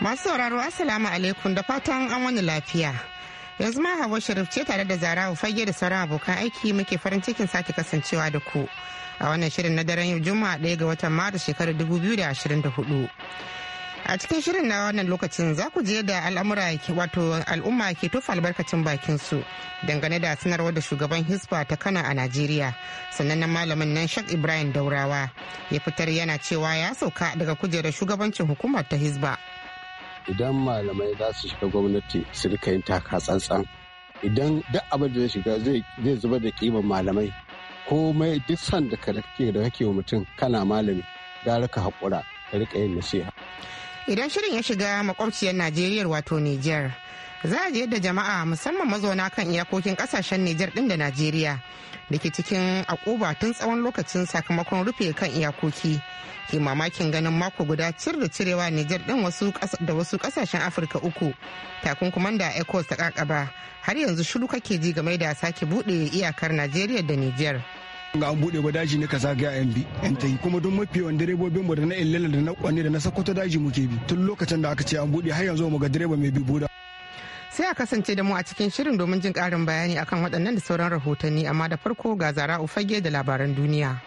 Masu sauraro asalamu alaikum da fatan an wani lafiya. Yanzu ma Hawa Sharif ce tare da Zarawa fage da sauran abokan aiki muke farin cikin sake kasancewa da ku a wannan shirin na daren yau Juma'a ɗaya ga watan Maris shekarar hudu. A cikin shirin na wannan lokacin za ku je da al'amura wato al'umma ke tofa albarkacin bakin su dangane da sanarwar da shugaban Hisba ta Kano a Najeriya sannan na malamin nan Shak Ibrahim Daurawa ya fitar yana cewa ya sauka daga kujerar shugabancin hukumar ta Hisba. idan malamai za su shiga gwamnati su rika yin taka tsantsan idan duk abin da zai shiga zai zuba da kiman malamai komai duk sanda ka rike da kake wa mutum kana malami gara ka haƙura ka rika yin nasiha idan shirin ya shiga makwabciyar najeriya wato niger za a ji yadda jama'a musamman mazauna kan iyakokin kasashen Nijar din da Najeriya da ke cikin akuba tun tsawon lokacin sakamakon rufe kan iyakoki ke mamakin ganin mako guda cir da cirewa Nijar din da wasu kasashen Afirka uku takunkuman da ECOWAS ta kakaba har yanzu shiru kake ji game da sake buɗe iyakar Najeriya da Nijar. ga an bude ba daji ne ka zaga yan bi yan tayi kuma don mafi yawan direbobin mu da na illela da na kwanne da na sakkwato daji muke bi tun lokacin da aka ce an bude har yanzu mu ga direba mai bi buda sai a kasance da mu a cikin shirin domin jin karin bayani akan waɗannan da sauran rahotanni amma da farko ga zara ufage da labaran duniya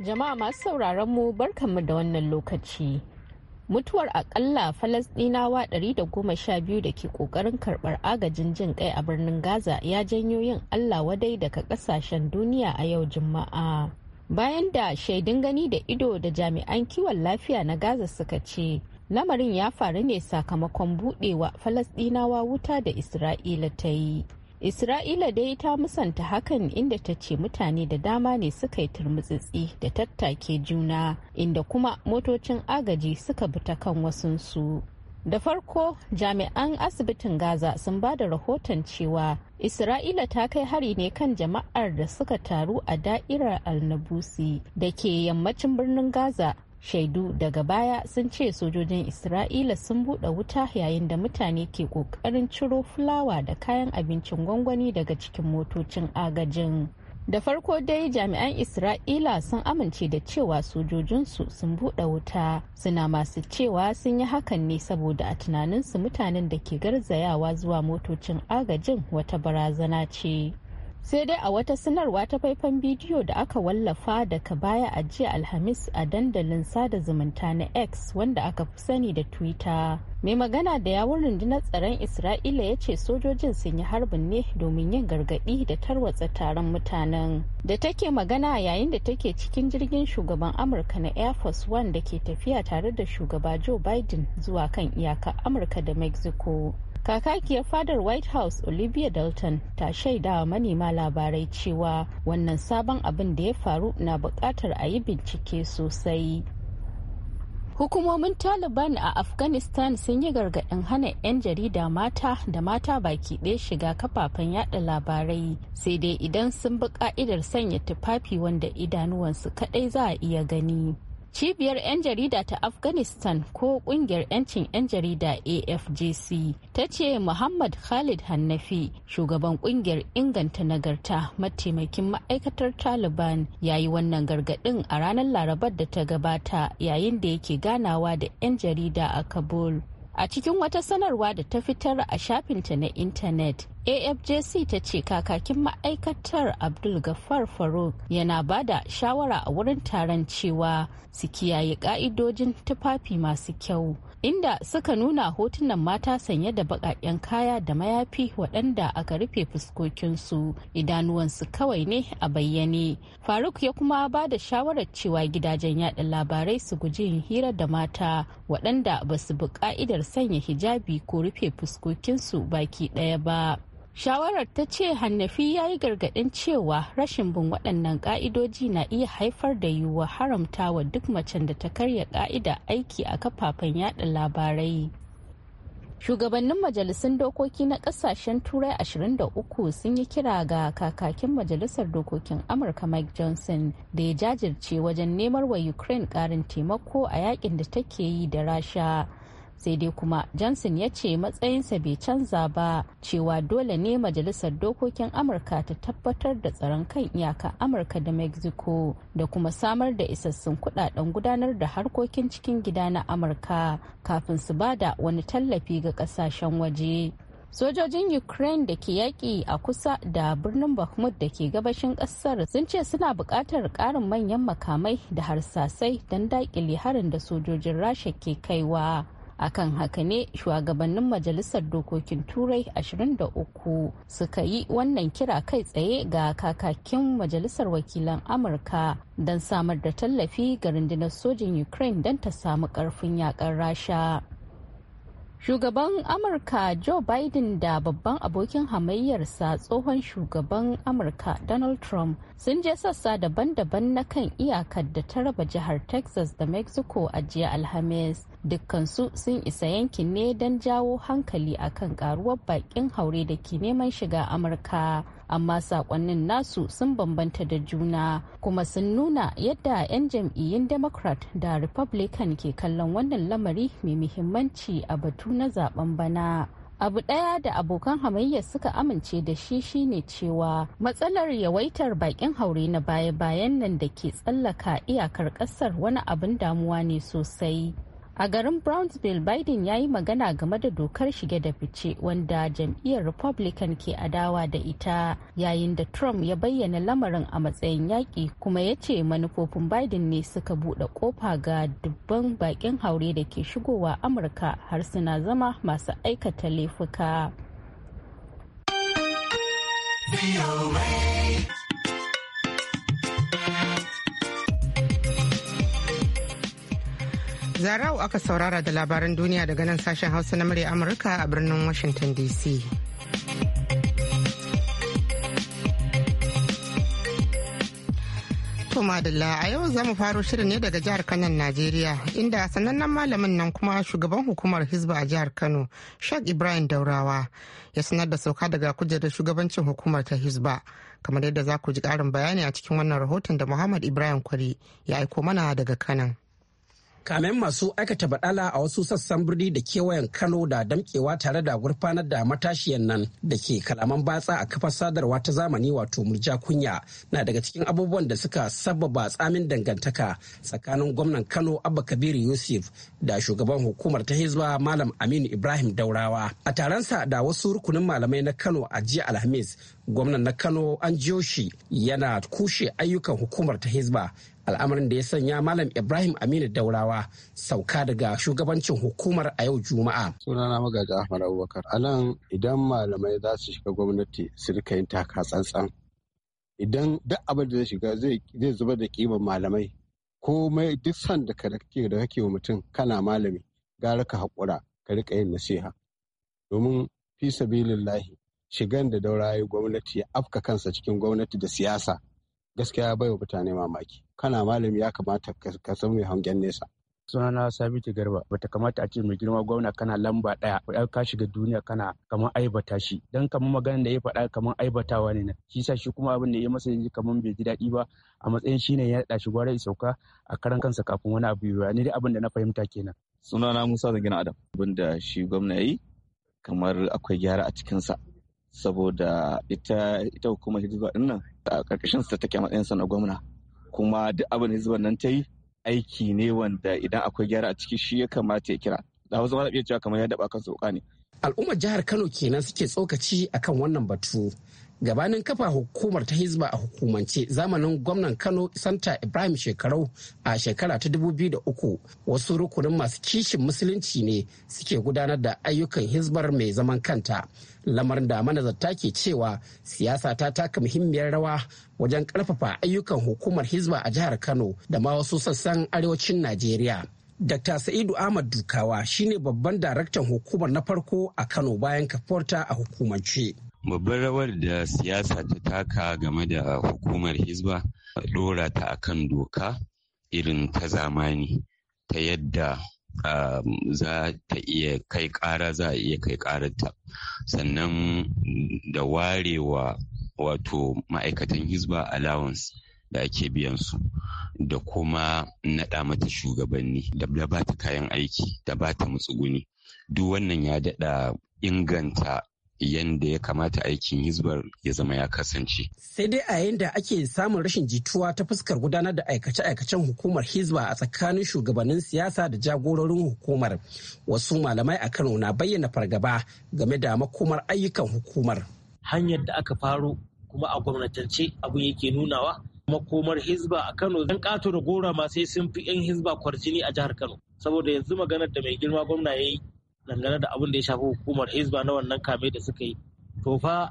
jama'a masu sauraron mu barkanmu da wannan lokaci mutuwar akalla falasdinawa 112 da ke kokarin karbar agajin jin kai a birnin gaza ya janyo yin allah wadai daga ƙasashen duniya a yau juma'a bayan da shaidun gani da ido da jami'an kiwon lafiya na gaza suka ce lamarin ya faru ne sakamakon budewa falasdinawa wuta da isra'ila ta yi isra'ila dai ta musanta hakan inda ta ce mutane da dama ne suka yi turmutsitsi da tattake juna inda kuma motocin agaji suka bi ta kan wasunsu da farko jami'an asibitin gaza sun ba da rahoton cewa isra'ila ta kai hari ne kan jama'ar da suka taru a da'irar alnabusi da ke yammacin birnin gaza shaidu daga baya sun ce sojojin isra'ila sun buɗe wuta yayin da mutane ke ƙoƙarin ciro fulawa da kayan abincin gwangwani daga cikin motocin agajin da farko dai jami'an isra'ila sun amince da cewa sojojinsu sun buɗe wuta suna masu cewa sun yi hakan ne saboda a tunaninsu mutanen da ke garzayawa zuwa motocin agajin wata barazana ce sai dai a wata sanarwa ta faifan bidiyo da aka wallafa daga baya a jiya alhamis a dandalin sada zumunta na x wanda aka fi sani da twitter mai magana da yawon rundunar tsaron isra'ila ya ce sojojin sun yi harbin ne domin yin gargaɗi da tarwatsa taron mutanen da take magana yayin da take cikin jirgin shugaban amurka na air force one da ke tafiya tare da shugaba joe biden zuwa kan iyakar amurka da mexico kakakiyar fadar white house olivia dalton ta shaida wa manema labarai cewa wannan sabon abin da ya faru na bukatar a yi bincike sosai hukumomin taliban a afghanistan sun yi gargaɗin hana 'yan jarida mata da mata baki ɗaya shiga kafafen yada labarai sai dai idan sun bi ka'idar sanya tufafi wanda idanuwansu kaɗai za a iya gani cibiyar 'yan jarida ta afghanistan ko kungiyar 'yancin 'yan jarida afgc ta ce muhammad khalid hannafi shugaban kungiyar inganta nagarta mataimakin ma'aikatar taliban ya yi wannan gargaɗin a ranar larabar da ta gabata yayin da yake ganawa da 'yan jarida a kabul a cikin wata sanarwa da ta fitar a shafinta na intanet afjc ta ce kakakin ma'aikatar abdul gafar faruk yana ba da shawara a wurin taron cewa su kiyaye ka'idojin tufafi masu kyau inda suka nuna hotunan mata sanye da bakakken kaya da mayafi waɗanda aka rufe fuskokinsu idanuwansu kawai ne a bayyane faruk ya kuma ba da shawarar cewa gidajen yada labarai su guji yin hira da mata waɗanda ba su bi ka'idar sanya hijabi ko rufe fuskokinsu baki ɗaya ba shawarar ta ce hannafi ya yi gargaɗin cewa rashin bin waɗannan ƙa'idoji na iya haifar da yiwuwar haramtawa duk macen da ta karya ƙa'ida aiki a kafafen yada labarai shugabannin majalisun dokoki na kasashen turai 23 sun yi kira ga kakakin majalisar dokokin amurka mike johnson da ya jajirce wajen nemar wa ukraine karin taimako a yakin da take yi da rasha sai dai kuma johnson ya ce matsayinsa bai canza ba cewa dole ne majalisar dokokin amurka ta tabbatar da tsaron kan iyaka amurka da mexico da kuma samar da isassun kudaden gudanar da harkokin cikin gida na amurka kafin su bada wani tallafi ga kasashen waje sojojin ukraine da ke yaƙi a kusa da birnin bakhmut da ke gabashin ƙasar sun ce suna buƙatar ƙarin manyan makamai da harsasai don daƙile harin da sojojin rasha ke kaiwa akan haka ne shugabannin majalisar dokokin turai 23 suka yi wannan kira kai tsaye ga kakakin majalisar wakilan amurka don samar da tallafi ga rundunar sojin ukraine don ta samu karfin yakar rasha Shugaban Amurka Joe Biden da babban abokin hamayyarsa tsohon shugaban Amurka Donald Trump sun je sassa daban-daban na kan iyakar da ta raba jihar Texas da Mexico a jiya Alhamis. Dukkansu sun isa yankin ne don jawo hankali akan karuwar bakin haure da ke neman shiga Amurka. amma sakonnin nasu sun bambanta da juna kuma sun nuna yadda 'yan jam'iyyun democrat da republican ke kallon wannan lamari mai muhimmanci a batu na zaben bana abu ɗaya da abokan hamayya suka amince da shi shine cewa matsalar yawaitar bakin haure na baya-bayan nan da ke tsallaka iyakar ƙasar wani abin damuwa ne sosai a garin brownsville biden ya yi magana game da dokar shige da fice wanda jam'iyyar republican ke adawa da ita yayin da trump ya bayyana lamarin a matsayin yaƙi kuma ya ce manufofin biden ne suka buɗe ƙofa ga dubban baƙin haure da ke shigowa amurka har suna zama masu aikata laifuka. Zarau aka saurara da labaran duniya daga nan sashen Hausa na murya Amurka a birnin Washington DC. To madalla a yau zamu mu faro shirin ne daga jihar Kano Najeriya inda sanannen malamin nan kuma shugaban hukumar Hizba a jihar Kano Sheikh Ibrahim Daurawa ya sanar da sauka daga kujerar shugabancin hukumar ta Hizba kamar yadda za ku ji karin bayani a cikin wannan rahoton da Muhammad Ibrahim Kwari ya aiko mana daga Kano. kamen masu aikata baɗala a wasu sassan birni da kewayen kano da damkewa tare da gurfanar da matashiyan nan da ke kalaman batsa a kafar sadarwa ta zamani wato murja kunya na daga cikin abubuwan da suka sababa tsamin dangantaka tsakanin gwamnan kano abba kabiru yusuf da shugaban hukumar ta hizba malam aminu ibrahim daurawa a taronsa da wasu rukunin malamai na kano a jiya alhamis gwamnan na kano an jiyo shi yana kushe ayyukan hukumar ta hizba al'amarin da ya sanya malam ibrahim aminu daurawa sauka daga shugabancin hukumar a yau juma'a sunana magaja ahmad abubakar alan idan malamai za su shiga gwamnati su rika yin taka tsantsan idan duk abin da zai shiga zai zuba da kimar malamai komai duk san da kake da kake wa mutum kana malami gara ka haƙura ka rika yin nasiha domin fi sabilillahi shigan da daura gwamnati ya afka kansa cikin gwamnati da siyasa gaskiya bai wa mutane mamaki kana malami ya kamata ka san mai hangen nesa sunana sabiti garba bata kamata a ce mai girma gwamna kana lamba daya ko ka shiga duniya kana kamar aibata shi dan kamar maganar da ya faɗa kamar aibatawa ne nan shi sa shi kuma abin da ya masa yanzu kamar bai ji daɗi ba a matsayin shine ya daɗa shi gwara sauka a karan kansa kafin wani abu yiwuwa ni dai abin da na fahimta kenan sunana musa zangina adam abin da shi gwamna ya yi kamar akwai gyara a cikinsa saboda ita ita hukumar hizba din nan a karkashin sa take matsayin sa na gwamna kuma duk abin hizban nan ta yi aiki ne wanda idan akwai gyara a ciki shi ya kamata ya kira da wasu ma iya cewa kamar ya daba kansa ne al'ummar jihar kano kenan suke tsokaci akan wannan batu gabanin kafa hukumar ta hizba a hukumance zamanin gwamnan kano santa ibrahim shekarau a shekara ta 2003 wasu rukunin masu kishin musulunci ne suke gudanar da ayyukan hizbar mai zaman kanta lamarin da manazarta ke cewa siyasa ta taka muhimmiyar rawa wajen karfafa ayyukan hukumar hizba a jihar kano da ma wasu sassan arewacin najeriya Dr. Sa'idu Ahmad Dukawa shine babban daraktan hukumar na farko a Kano bayan kafarta a hukumance. Babbar rawar da siyasa ta taka game da hukumar Hizba dora ta kan doka irin ta zamani ta yadda um, za ta iya kai ƙara za a iya kai ƙararta sannan da warewa wato ma'aikatan Hizba allowance da ake biyan su da kuma naɗa mata shugabanni da ba ta kayan aiki da ba ta mutsuguni duk wannan ya daɗa inganta yadda ya kamata aikin hizbar ya zama ya kasance. Sai dai a yayin da ake samun rashin jituwa ta fuskar gudanar da aikace-aikacen hukumar hizba a tsakanin shugabannin siyasa da jagororin hukumar. Wasu malamai a Kano na bayyana fargaba game da makomar ayyukan hukumar. Hanyar da aka faro kuma a gwamnatance abun yake nunawa makomar hizba a kano dan kato da gora ma sai sun fi yan hizba kwarjini a jihar kano saboda yanzu maganar da mai girma gwamna ya yi dangane da abin da ya shafi hukumar hizba na wannan kame da suka yi to fa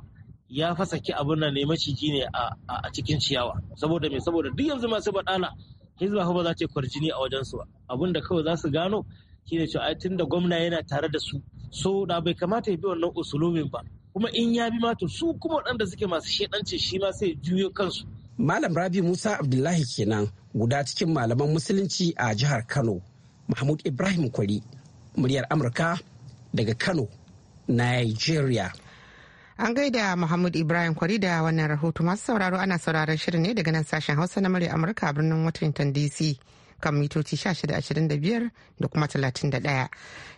ya fasa ki abin nan ne maciji ne a cikin ciyawa saboda me saboda duk yanzu masu badala hizba ba za ta kwarjini a wajen su ba abin da kawai za su gano shine cewa tun da gwamna yana tare da su so da bai kamata ya bi wannan usulumin ba kuma in ya bi ma to su kuma waɗanda suke masu shedanci shi ma sai juyo kansu Malam Rabi Musa Abdullahi kenan guda cikin malaman musulunci a jihar Kano. Mahmud Ibrahim Kwari, muryar Amurka daga Kano, Nigeria. An gaida mahmud Ibrahim Kwari da wannan rahoto masu sauraro ana sauraron shirin ne daga nan sashen Hausa na muryar Amurka a birnin Washington DC. kan mitoci 1625 da kuma 31.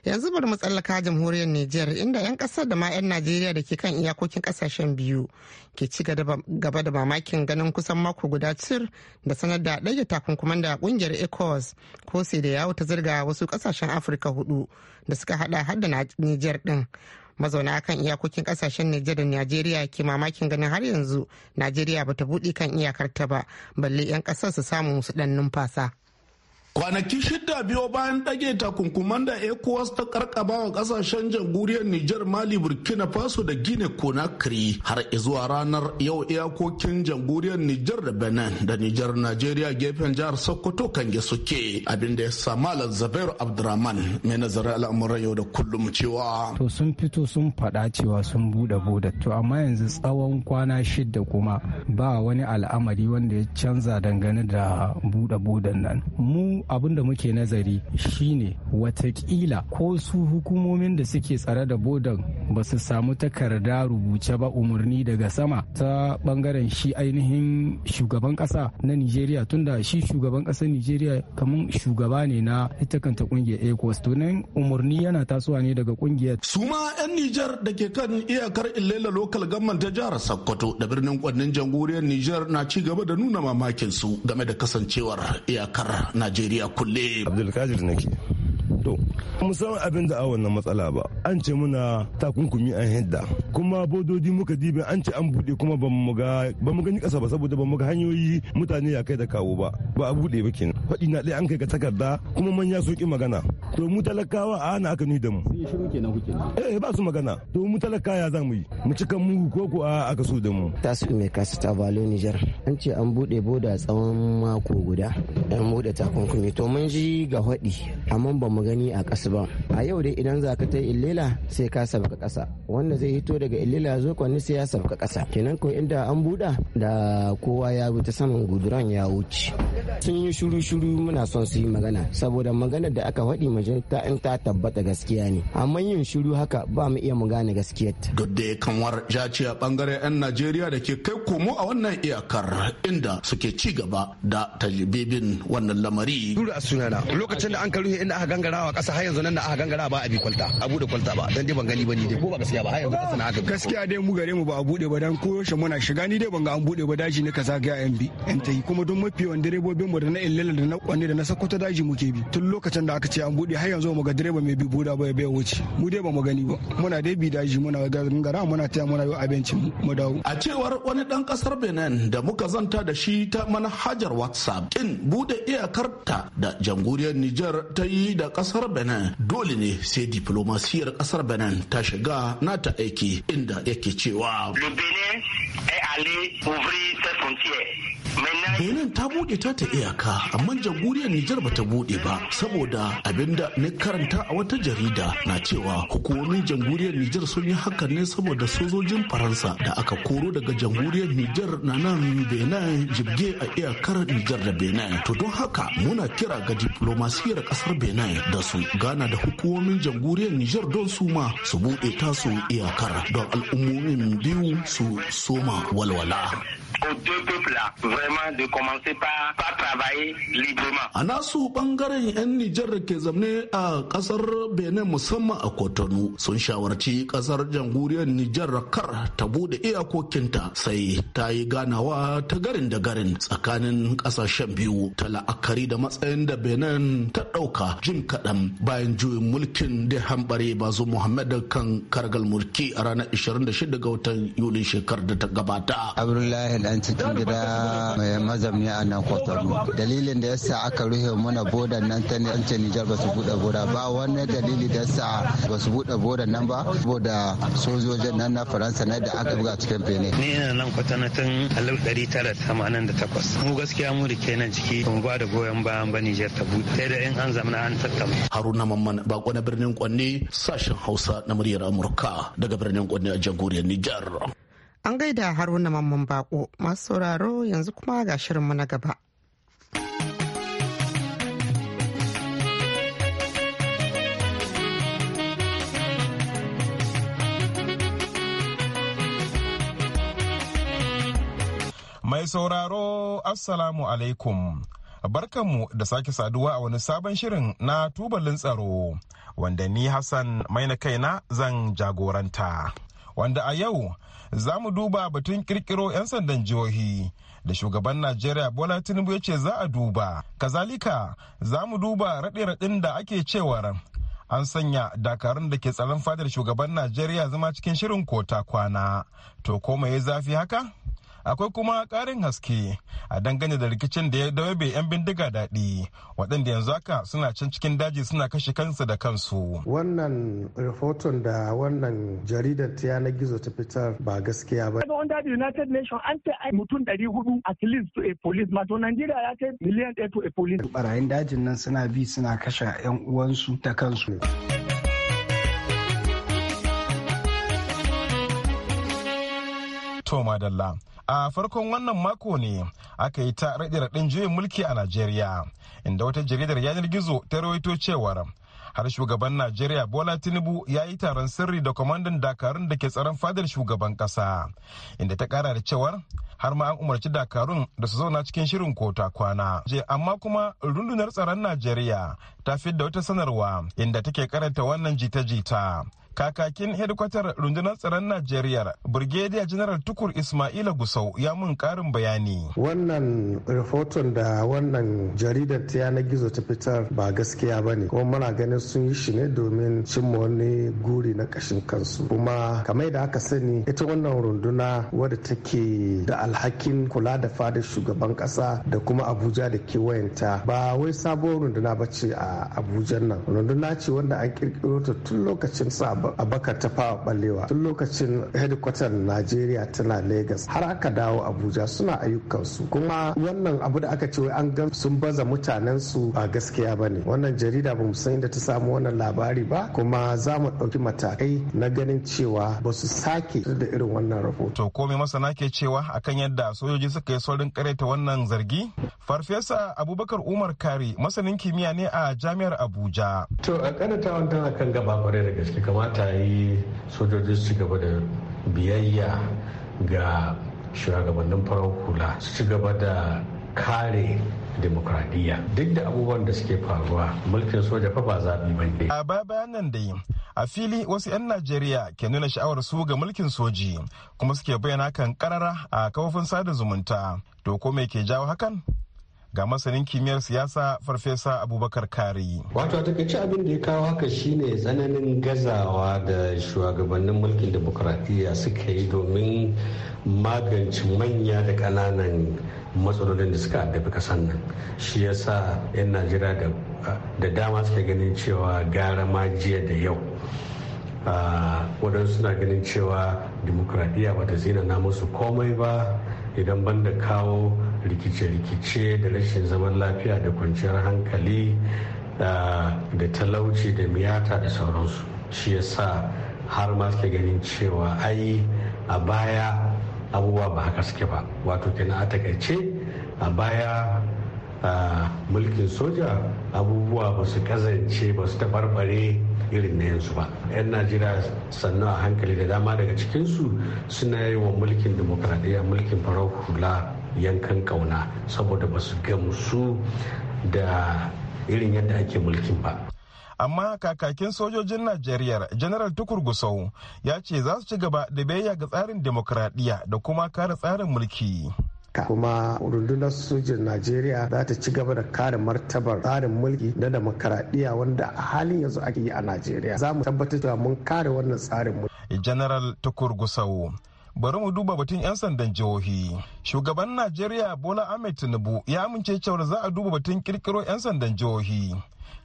Yanzu bari mu tsallaka jamhuriyar Nijar inda 'yan kasar da ma 'yan Najeriya da ke kan iyakokin kasashen biyu ke ci gaba da mamakin ganin kusan mako guda cir da sanar da ɗage takunkuman da kungiyar ECOWAS ko sai da yawo ta zirga wasu kasashen Afirka hudu da suka hada har da Nijar din. mazauna kan iyakokin kasashen Nijar da Najeriya ke mamakin ganin har yanzu Najeriya bata buɗe kan iyakar ta ba balle 'yan ƙasar su samu su ɗan numfasa. kwanaki shida biyo bayan ɗage takunkuman da ecowas ta karkaba wa ƙasashen jamhuriyar niger mali burkina faso da gine conakry har zuwa ranar yau iyakokin jamhuriyar niger da benin da niger-nigeria gefen jihar sokoto kan suke abinda ya sama zabiru abdurrahman mai nazarin al'amuran yau da kullum cewa to sun fito sun faɗa cewa sun buɗe buɗe to amma yanzu tsawon kwana shida kuma ba wani al'amari wanda ya canza dangane da buɗe buɗen nan mu abin da muke nazari shine watakila ko su hukumomin da suke tsare da bodan ba su samu takarda rubuce ba umarni daga sama ta bangaren shi ainihin shugaban kasa na nigeria tunda shi shugaban kasar nigeria kamar shugaba ne na ita kanta kungiyar ecos to nan umarni yana tasowa ne daga kungiyar su ma yan nijar da ke kan iyakar illela local government ta jihar sokoto da birnin kwannin jamhuriyar niger na ci gaba da nuna mamakin su game da kasancewar iyakar najeriya gari a kulle abdulkadir nake to musamman abin da a wannan matsala ba an ce muna takunkumi an hidda kuma bododi muka dibe an ce an buɗe kuma ba mu ga ba gani kasa ba saboda ba mu ga hanyoyi mutane ya kai da kawo ba ba a bude ba kenan faɗi na ɗaya an kai ga takarda kuma manya sun magana to mu talakawa a ana aka ni da mu eh ba su magana to mu talakaya za mu yi mu cika mu ko ko a aka so da mu tasu mai kasu ta balo Niger an ce an bude boda tsawon mako guda an bude takunkumi to mun ji ga hadi amma ba mu gani a kasu ba a yau dai idan za ka ta illela sai ka sabka kasa wanda zai hito daga illela zo kwani sai ya sabka kasa kenan ko inda an buda da kowa ya bi ta saman guduran ya wuce sun yi shuru shuru muna son su yi magana saboda maganar da aka faɗi wajen ta in ta tabbata gaskiya ne amma yin shiru haka ba mu iya mu gane gaskiya duk da kanwar jaci a bangaren yan najeriya da ke kai komo a wannan iyakar inda suke ci gaba da talibibin wannan lamari dura sunana lokacin da an ka inda aka gangarawa kasa har yanzu nan da aka gangara ba a bi kwalta a bude kwalta ba dan dai ban gani ba ni dai ko ba gaskiya ba har yanzu kasa na haka gaskiya dai mu gare mu ba a bude ba dan ko shi muna shiga ni dai ban ga an bude ba daji ne kaza ga yan bi yan tayi kuma don mafi yawan direbobin mu da na illala da na kwani da na sakkwato daji muke bi tun lokacin da aka ce an bude bi har yanzu mu ga direba mai bi buda ba ya bai wuce mu dai ba mu gani ba muna dai bi daji muna gara muna taya muna yau abincin mu dawo a cewar wani dan kasar Benin da muka zanta da shi ta manhajar WhatsApp kin bude iyakar ta da jamhuriyar Niger ta yi da kasar Benin dole ne sai diplomasiyar kasar Benin ta shiga nata aiki inda yake cewa Le Benin est allé ouvrir ses frontières benin ta buɗe ta ta iyaka amma jamhuriyar nijar ba ta buɗe ba saboda abinda na karanta a wata jarida na cewa hukumomin jamhuriyar nijar sun yi hakan ne saboda sojojin faransa da aka koro daga jamhuriyar nijar na nan benin jibge a iyakar nijar da benin to don haka muna kira ga diplomasiyar kasar benin da su gana da hukumomin jamhuriyar nijar don su ma su buɗe tasu iyakar don al'ummomin biyu su soma walwala aux deux peuples-là, vraiment de commencer par, par travailler librement. A nasu ɓangaren 'yan Nijar da ke zamne a ƙasar Benin musamman a Kotonu sun shawarci ƙasar jamhuriyar Nijar kar ta bude iyakokinta sai ta yi ganawa ta garin da garin tsakanin kasashen biyu ta la'akari da matsayin da Benin ta ɗauka jin kaɗan bayan juyin mulkin da hambari bazu Muhammad kan kargal mulki a ranar 26 ga watan Yulin shekarar da ta gabata. Abdullahi dan cikin gida mai mazamni a nan kwatano dalilin da yasa aka rufe mana bodan nan ta ne ce nijar ba su buɗe boda ba wani dalili da yasa ba su buɗe bodan nan ba saboda sojojin nan na faransa na da aka buga cikin bene ni ina nan kwatano tun alif ɗari tara tamanin da takwas mu gaskiya mu rike nan ciki mu ba da goyon bayan ba nijar ta buɗe sai da in an zamana an tattama haruna mamman bako na birnin kwanne sashen hausa na muryar amurka daga birnin kwanne a jagoriyar nijar An gaida haruna mamman bako masu sauraro yanzu kuma ga shirinmu na gaba. Mai sauraro Assalamu alaikum. Barkanmu da sake saduwa a wani sabon shirin na tubalin tsaro wanda ni Hassan mai na kaina zan jagoranta. Wanda a yau za mu duba batun kirkiro 'yan sandan jihohi da shugaban najeriya bola tinubu ya ce za a duba kazalika za mu duba raɗe-raɗin da ake cewar an sanya dakarun da ke tsaron fadar shugaban najeriya zama cikin shirin kota kwana to ko mai zafi haka akwai kuma karin haske a dangane da rikicin da ya dawabe 'yan bindiga daɗi waɗanda yanzu haka suna can cikin daji suna kashe kansu da kansu wannan rahoton da wannan jaridar ta yanar gizo ta fitar ba gaskiya ba under daji united nations an ce ai mutum 400 at least to a police ma to nigeria ya kai miliyan ɗaya to a police barayin dajin nan suna bi suna kashe 'yan uwansu ta kansu To madalla. A farkon wannan mako ne aka yi ta raɗe-raɗin juyin mulki a Najeriya, inda wata jaridar yanar gizo ta rawaito cewar har shugaban Najeriya Bola Tinubu ya yi taron sirri da kwamandan dakarun da ke tsaron fadar shugaban ƙasa. inda ta ƙara da cewar har ma an umarci dakarun da su zauna cikin shirin kota kwana. Je amma kuma rundunar tsaron Najeriya ta fi da wata sanarwa inda take karanta wannan jita-jita. kakakin hedikwatar rundunar tsaron najeriya burgedia general tukur ismaila gusau ya mun karin bayani wannan rahoton da wannan jaridar ta yanar gizo ta fitar ba gaskiya ba ne kuma muna ganin sun yi shi ne domin cimma wani guri na kashin kansu kuma kamar da aka sani ita wannan runduna wadda take da alhakin kula da fadar shugaban kasa da kuma abuja da kewayenta ba wai sabuwar runduna ba ce a abuja nan runduna ce wanda an kirkiro ta tun lokacin sa abakar ta fawa ballewa tun lokacin hedikwatar najeriya tana lagos har aka dawo abuja suna ayyukansu kuma wannan abu da aka ce wai an gan sun baza mutanen su ba gaskiya ba ne wannan jarida ba mu san inda ta samu wannan labari ba kuma za mu ɗauki matakai na ganin cewa ba su sake da irin wannan rahoto. to komai masana ke cewa akan yadda sojoji suka yi saurin karaita wannan zargi farfesa abubakar umar kari masanin kimiyya ne a jami'ar abuja. to a karatawan tana kan gaba kwarai da gaske kamar kamata yi sojoji su gaba da biyayya ga shugabannin farar kula su ci gaba da kare demokradiyya duk da abubuwan da suke faruwa mulkin soja fa ba zaɓi ba ne. a bayanan da yi a fili wasu 'yan najeriya ke nuna sha'awar su ga mulkin soji kuma suke bayyana kan karara a kafofin sada zumunta to ko me ke jawo hakan ga masanin kimiyyar siyasa farfesa abubakar kari wato takaice abin da ya kawo haka shine tsananin gazawa da shugabannin mulkin demokuraɗiyya suka yi domin magance manya da ƙananan matsalolin da suka addabi kasan nan shi yasa 'yan najeriya da dama suke ganin cewa gara ma jiya da yau ah, waɗansu suna ganin cewa dimokuraɗiyya ba ta zina na musu komai ba idan banda kawo rikice-rikice da rashin zaman lafiya da kwanciyar hankali da talauci da miyata da sauransu shi yasa har ma suke ganin cewa ai a baya abubuwa ba haka suke ba wato kenan a takaice a baya mulkin soja abubuwa ba su kazance ba su tabarbare irin na yanzu ba yan najeriya sannan a hankali da dama daga cikinsu suna yi wa mulkin demokradiyya mulkin farar hula yankan kauna saboda ba su gamsu da irin yadda ake mulkin ba amma kakakin sojojin najeriya general tukur gusau ya ce za su ci gaba da biyayya ga tsarin demokradiyya da kuma kare tsarin mulki kuma rundunar sojin najeriya za ta ci gaba da kare martabar tsarin mulki na demokaradiyya wanda a halin yanzu ake yi a najeriya za mu tabbatar da mun kare wannan tsarin mulki general tukur gusau bari mu duba batun 'yan sandan jihohi shugaban najeriya bola ahmed tinubu ya amince cewar za a duba batun kirkiro 'yan sandan jihohi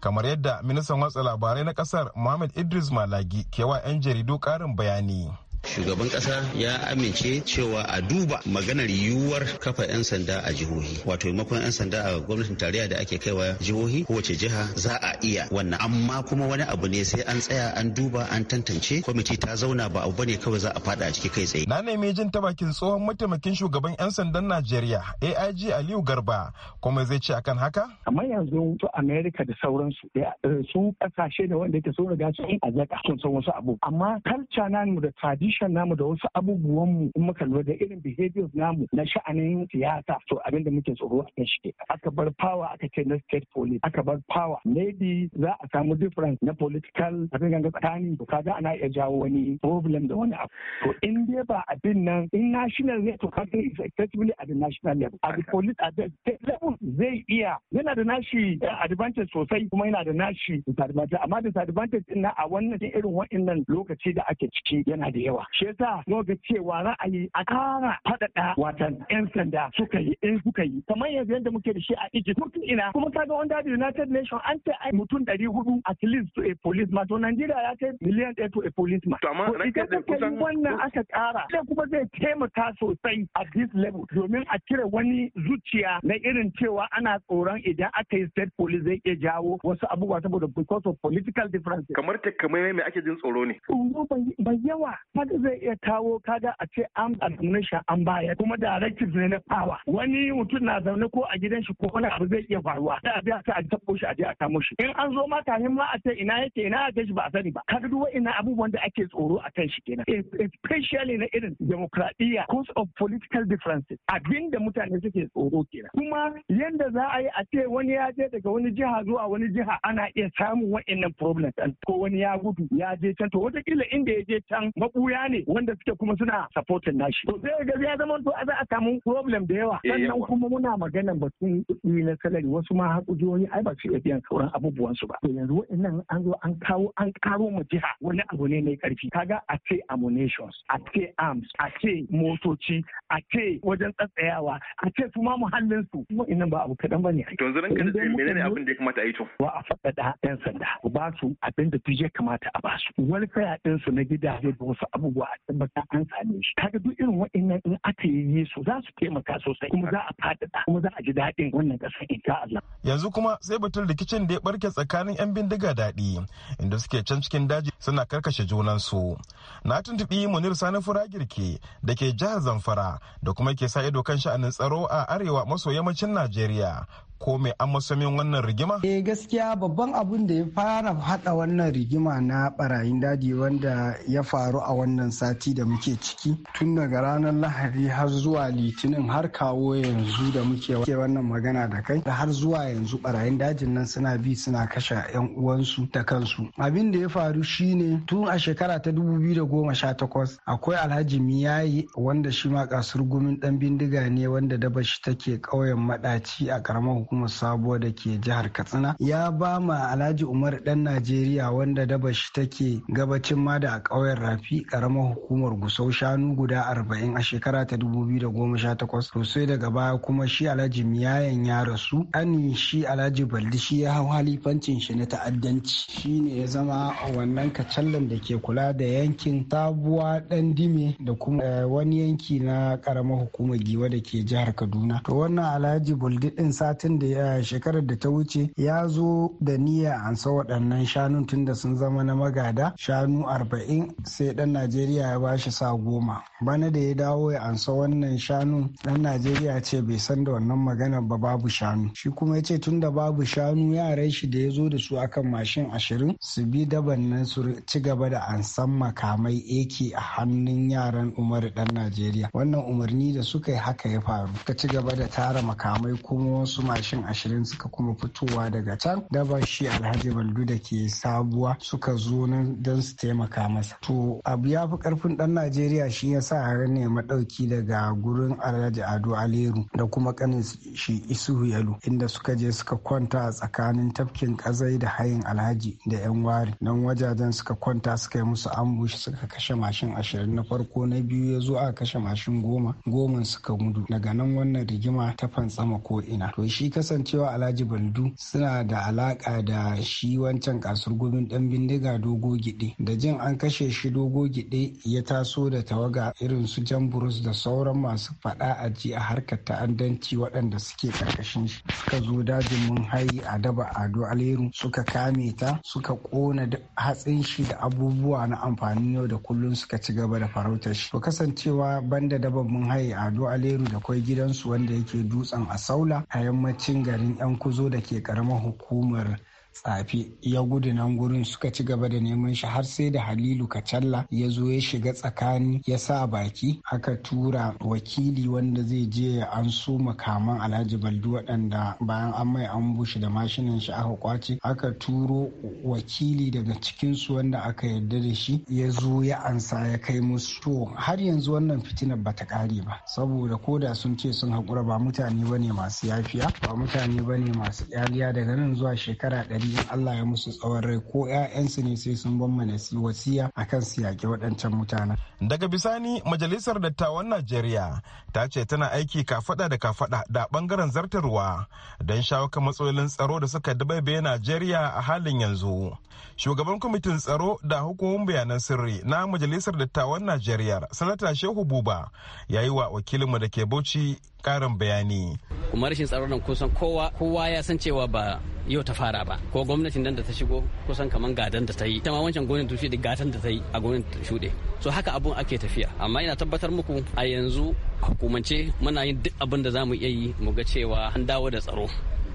kamar yadda ministan watsa labarai na kasar muhammad idris malagi kewa 'yan jaridu karin bayani Shugaban kasa ya amince cewa a duba maganar yiwuwar kafa 'yan sanda a jihohi. Wato maimakon 'yan sanda a gwamnatin tarayya da ake kaiwa jihohi kowace jiha za a iya wannan. Amma kuma wani abu ne sai an tsaya an duba an tantance kwamiti ta zauna ba abu bane kawai za a fada a ciki kai tsaye. Na nemi jin ta bakin tsohon mataimakin shugaban 'yan sandan Najeriya AIG Aliyu Garba kuma zai ce akan haka? Amma yanzu to Amerika da sauransu eh, eh, su kasashe da wanda yake sun riga sun azaka sun san wasu abu. Amma kalca na da tradition position namu da wasu abubuwanmu in muka lura da irin behaviors namu na sha'anin siyasa to abin da muke tsoro a shi aka bar power aka ce na state police aka bar power maybe za a samu difference na political abin ganga tsakani to kaga ana iya jawo wani problem da wani abu to in dai ba abin nan in national ne to kaga is effectively at the national level at the police at the state level zai iya yana da nashi eh, advantage sosai kuma yana da nashi disadvantage amma disadvantage din na a wannan irin wa'annan lokaci da ake ciki yana da yawa yawa shi yasa ga cewa ra'ayi a kara faɗaɗa watan yan sanda suka yi in eh, suka yi kamar yanzu yadda muke da shi a Egypt mutum ina kuma kaga wanda da United Nations an ta ai mutum ɗari hudu at least to a ma. to Najeriya ya kai miliyan ɗaya to a ma. To amma ranke da kusan wannan aka ƙara sai kuma zai taimaka sosai a this level domin a cire wani zuciya na irin cewa ana tsoron idan aka yi state police zai iya jawo wasu abubuwa saboda because of political differences. Kamar ta kamar me ake jin tsoro ne. Tsoro bai yawa haka zai iya kawo kaga a ce an shi an bayar kuma directives ne na power wani mutum na zaune ko a gidan shi ko wani abu zai iya faruwa da abin a tabbo shi a je a kamo shi in an zo ma kafin ma a ce ina yake ina a shi ba a sani ba kaga duk wa'annan abubuwan da ake tsoro a kan shi kenan especially na irin demokradiyya cause of political differences abin da mutane suke tsoro kenan kuma yanda za a yi a ce wani ya je daga wani jiha zuwa wani jiha ana iya samun wa'annan problems ko wani ya gudu ya je can to wataƙila inda ya je can mabuya guda ne wanda suke kuma suna supporting nashi to sai ga ya zama to za a samu problem da yawa eh, sannan kuma muna magana batun kuɗi na salari wasu ma hakujiyoyi ai ba su iya biyan sauran abubuwan su ba to yanzu wa'annan an zo an kawo an karo ma jiha wani abu ne mai karfi kaga a ce ammunitions a ce arms a ce motoci a ce wajen tsatsayawa a ce su ma muhallin su wa'annan ba abu kaɗan ba ne to yanzu ranka da menene abin da ya kamata a yi to wa a faɗaɗa 'yan sanda ba su abin da duk ya kamata a ba su wani kayaɗin na gidaje da wasu abubuwa abubuwa a tabbatar an same shi kaga duk irin wa'annan in aka yi su za su taimaka sosai kuma za a faɗaɗa kuma za a ji daɗin wannan ƙasar insha Allah yanzu kuma sai batun rikicin da ya barke tsakanin yan bindiga daɗi inda suke can cikin daji suna karkashe junansu na tuntuɓi munir sani furagirke da ke jihar zamfara da kuma ke sa ido kan sha'anin tsaro a arewa maso yammacin najeriya ko mai amasamin wannan rigima? Eh gaskiya babban abun da ya fara hada wannan rigima na barayin daji wanda ya faru a wannan sati da muke ciki tun daga ranar lahadi har zuwa litinin har kawo yanzu da muke wannan magana da kai da har zuwa yanzu barayin dajin nan suna bi suna kashe yan uwansu da kansu. Abin da ya faru shine tun a shekara ta 2018 akwai Alhaji Miyayi wanda shi ma kasurgumin dan bindiga ne wanda dabashi take ƙauyen madaci a karamar Kuma sabuwa da ke jihar katsina ya ba ma alhaji umar dan najeriya wanda dabashi take gabacin ma da a ƙauyen rafi ƙaramar hukumar gusau shanu guda arba'in a shekara ta dubu biyu da goma sha takwas to daga baya kuma shi alhaji miyayen ya rasu ani shi alhaji baldi shi ya hau halifancin shi na ta'addanci Shi ne ya zama wannan kacallan da ke kula da yankin sabuwa dan dime da kuma eh, wani yanki na karamar hukumar giwa da ke jihar kaduna to wannan alhaji buldi din satin da eh, shekarar da ta wuce ya zo da niyya an sa waɗannan shanun tun da sun zama na magada shanu arba'in sai ɗan najeriya ya ba shi sa goma bana da ya dawo ya ansa wannan shanu ɗan najeriya ce bai san da wannan magana ba babu shanu shi kuma ya ce tun da babu shanu yaran shi da ya zo da su akan mashin ashirin su bi daban nan su ci gaba da ansan makamai eke a hannun yaran umar ɗan najeriya wannan umarni da suka yi haka ya faru ka ci gaba da tara makamai kuma wasu mashin kashin ashirin suka kuma fitowa daga can da ba shi alhaji baldu da ke sabuwa suka zo nan don su taimaka masa to abu ya fi karfin dan najeriya shi ya sa har ne madauki daga gurin alhaji ado aleru da kuma kanin shi isuhu yalu inda suka je suka kwanta a tsakanin tafkin kazai da hayin alhaji da yan wari nan wajajen suka kwanta suka yi musu ambushi suka kashe mashin ashirin na farko na biyu ya zo a kashe mashin goma goma suka gudu daga nan wannan rigima ta fantsama ko ina to shi kasancewa alhaji Baldu suna da alaka da shi wancan kasar kasurgumin dan bindiga dogo gide da jin an kashe shi dogo gide ya taso da tawaga irin su jan burus da sauran masu fada a ji a harkar ta'addanci waɗanda suke karkashin shi suka zo dajin mun hayi a daba ado aleru suka kame ta suka kona hatsin shi da abubuwa na amfani yau da kullum suka ci gaba da farautar shi to kasancewa banda daban mun hayi ado aleru da kwai gidansu wanda yake dutsen asaula a yammacin cin garin yan kuzo da ke karamar hukumar tsafi ya gudu nan gurin suka ci gaba da neman shi har sai da halilu kacalla ya zo ya shiga tsakani ya sa baki aka tura wakili wanda zai je an so makaman alhaji baldu waɗanda bayan an mai an bushe da mashinan shi aka kwace aka turo wakili daga cikinsu wanda aka yarda da shi ya zo ya ansa ya kai musu har yanzu wannan fitinar bata kare ba saboda ko da sun ce sun haƙura ba mutane bane masu yafiya ba mutane bane masu yaliya. daga nan zuwa shekara ɗari. kokari Allah ya musu tsawon rai ko 'ya'yansu ne sai sun ban mana wasiya akan su yaƙi waɗancan mutanen. Daga bisani majalisar dattawan Najeriya ta ce tana aiki kafada da kafada da bangaren zartarwa don shawo kan matsalolin tsaro da suka dabaibe Najeriya a halin yanzu. Shugaban kwamitin tsaro da hukumomin bayanan sirri na majalisar dattawan Najeriya Sanata Shehu Buba ya yi wa wakilinmu da ke Bauchi ƙarin bayani. kuma rashin tsaro nan kusan kowa kowa ya san cewa ba yau ta fara ba ko gwamnatin nan da ta shigo kusan kaman gadan da ta yi ta ma wancan gonin tushe da gatan da ta yi a gonin tushe so haka abun ake tafiya amma ina tabbatar muku a yanzu hukumance muna yin duk abin da za mu iya yi mu ga cewa an dawo da tsaro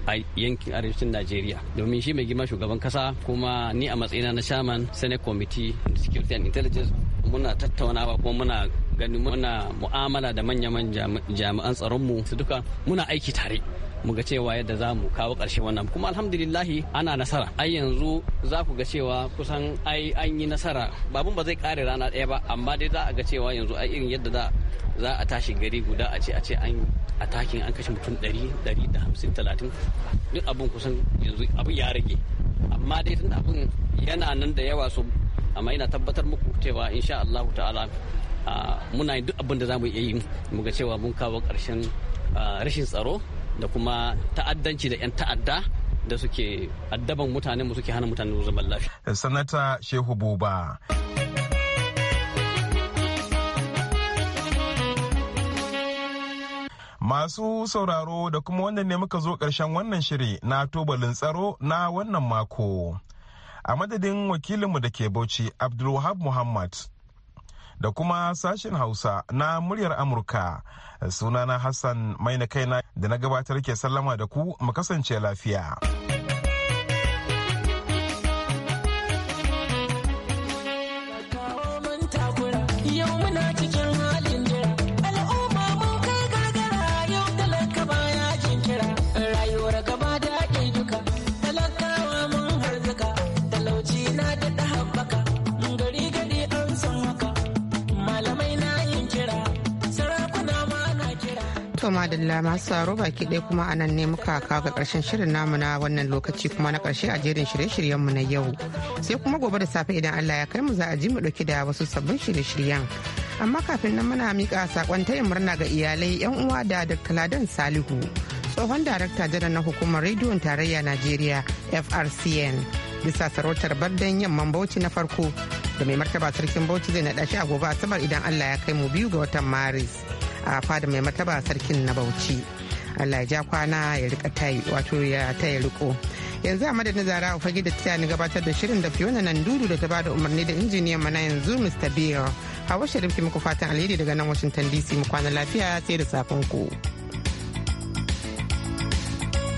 a yankin arewacin Najeriya domin shi mai girma shugaban kasa kuma ni a matsayina na chairman Senate Committee Security and Intelligence muna tattaunawa kuma muna gani muna mu'amala da manyan jami'an tsaronmu su duka muna aiki tare mu ga cewa yadda za mu kawo ƙarshe wannan kuma alhamdulillahi ana nasara ai yanzu za ku ga cewa kusan ai an yi nasara babun ba zai kare rana ɗaya ba amma dai za a ga cewa yanzu ai irin yadda za a tashi gari guda a ce a ce an takin an kashe mutum ɗari ɗari da duk abin kusan yanzu abin ya rage amma dai tun abin yana nan da yawa so amma ina tabbatar muku cewa insha Allah ta'ala muna yin duk abin da za mu iya yi muga cewa mun kawo ƙarshen rashin tsaro da kuma ta'addanci da 'yan ta'adda da suke addaban mutanenmu suke hana mutane zaman lafiya. Sanata Shehu Buba. Masu sauraro da kuma wanda ne muka zo karshen wannan shiri na tubalin tsaro na wannan mako. a madadin wakilinmu da ke bauchi abdulwahab muhammad da kuma sashen hausa na muryar amurka sunana hassan mai na kaina da na gabatar ke sallama da ku mu kasance lafiya. To madalla masu tsaro baki ɗaya kuma a nan ne muka kawo ga ƙarshen shirin namu na wannan lokaci kuma na ƙarshe a jerin shirye-shiryenmu na yau. Sai kuma gobe da safe idan Allah ya kai mu za a ji mu ɗauki da wasu sabbin shirye-shiryen. Amma kafin nan muna mika sakon tayin murna ga iyalai 'yan uwa da Dr. Ladan Salihu. Tsohon darakta janar na hukumar rediyon tarayya Najeriya FRCN bisa sarautar bardan yamman Bauchi na farko da mai martaba sarkin Bauchi zai naɗa shi a gobe Asabar idan Allah ya kai mu biyu ga watan Maris. a fada mai martaba sarkin na bauchi allah ya ja kwana ya rika tai wato ya taya riko yanzu a madadin zara a fage da ta ni gabatar da shirin da fiona nan dudu da ta bada umarni da injiniyan mana yanzu mr bill hawa sharifi muku fatan alheri daga nan washington dc mu kwana lafiya sai da safin ku.